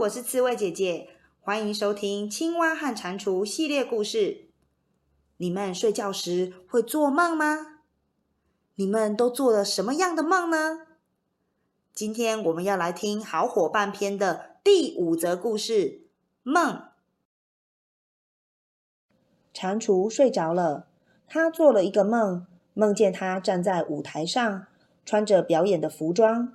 我是刺蝟姐姐，歡迎收聽《青蛙和蟾蜍》系列故事。你們睡覺時會做夢嗎？你們都做了什麼樣的夢呢？今天我們要來聽《好伙伴》篇的第五則故事《夢》。蟾蜍睡着了，他做了一個夢，夢見他站在舞台上，穿着表演的服裝。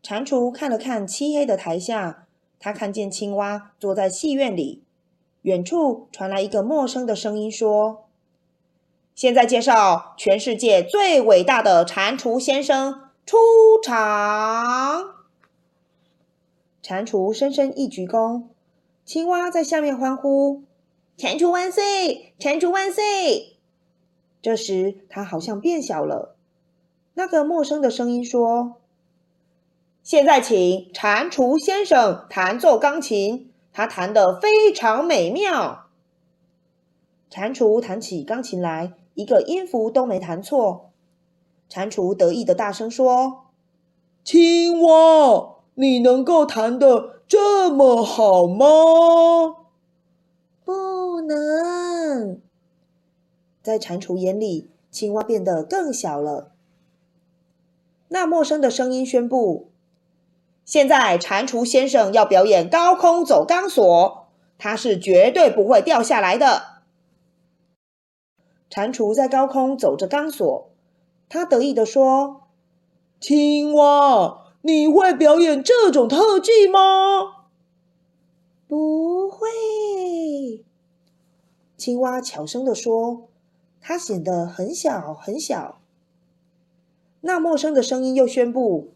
蟾蜍看了看漆黑的台下。他看見青蛙坐在戲院裡，遠處傳來一個陌生的聲音說：“現在介紹全世界最偉大的蟾蜍先生出場。”蟾蜍深深一鞠躬，青蛙在下面歡呼：“蟾蜍萬歲！蟾蜍萬歲！”這時，他好像變小了。那個陌生的聲音說。現在請蟾蜍先生彈奏鋼琴，他彈得非常美妙。蟾蜍彈起鋼琴來，一個音符都沒彈錯。蟾蜍得意的大聲說：“青蛙，你能夠彈得這麼好嗎？”不能。在蟾蜍眼裡，青蛙變得更小了。那陌生的聲音宣布。現在，蟾蜍先生要表演高空走鋼索，他是絕對不會掉下來的。蟾蜍在高空走着鋼索，他得意地說：“青蛙，你會表演這種特技嗎？”“不會。”青蛙悄聲地說，它顯得很小很小。那陌生的聲音又宣布。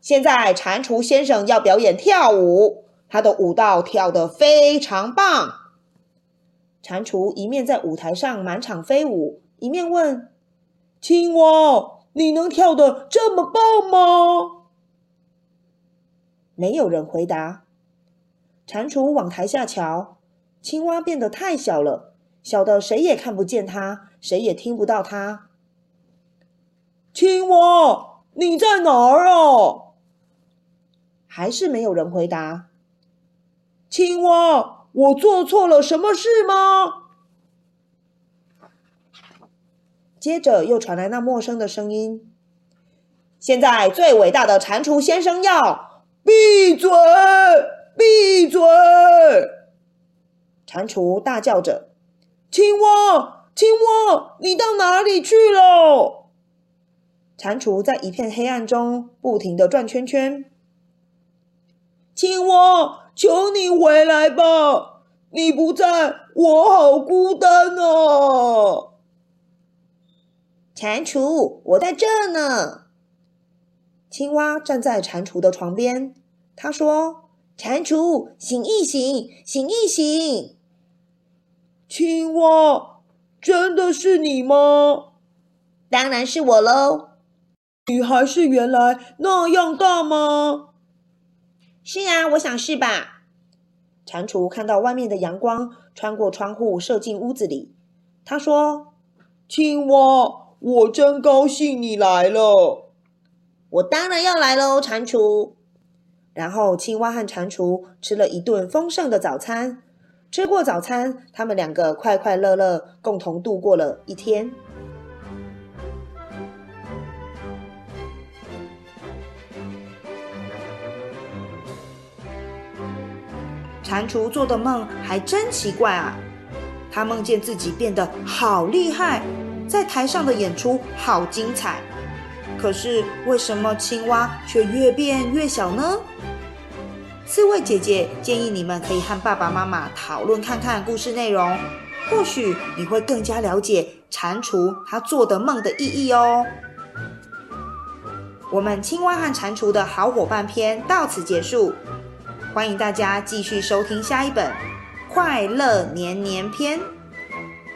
現在蟾蜍先生要表演跳舞，他的舞蹈跳得非常棒。蟾蜍一面在舞台上滿場飛舞，一面問：“青蛙，你能跳得這麼棒嗎？”沒有人回答。蟾蜍往台下瞧，青蛙變得太小了，小得誰也看不見它，誰也聽不到它。青蛙，你在哪兒啊？還是沒有人回答。青蛙，我做錯了什麼事嗎？接着又傳來那陌生的聲音。現在最偉大的蟾蜍先生要閉嘴，閉嘴！蟾蜍大叫着：“青蛙，青蛙，你到哪裡去了？”蟾蜍在一片黑暗中不停地轉圈圈。青蛙，求你回來吧！你不在我好孤單啊！蟾蜍，我在這兒呢。青蛙站在蟾蜍的床邊，他說：“蟾蜍，醒一醒，醒一醒。”青蛙，真的是你嗎？當然是我嘍。你還是原來那樣大嗎？是啊，我想是吧。蟾蜍看到外面的陽光穿過窗戶射進屋子裡，他說：“青蛙，我真高興你來了。”“我當然要來嘍，蟾蜍。”然後青蛙和蟾蜍吃了一頓豐盛的早餐。吃過早餐，他們兩個快快樂樂共同度過了一天。蟾蜍做的夢還真奇怪啊！他夢見自己變得好厲害，在台上的演出好精彩。可是為什麼青蛙卻越變越小呢？刺蝟姐姐建議你們可以和爸爸媽媽討論看看故事內容，或許你會更加了解蟾蜍他做的夢的意義哦。我們青蛙和蟾蜍的好夥伴篇到此結束。歡迎大家繼續收聽下一本《快樂年年篇》，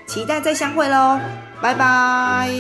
期待再相會嘍，拜拜。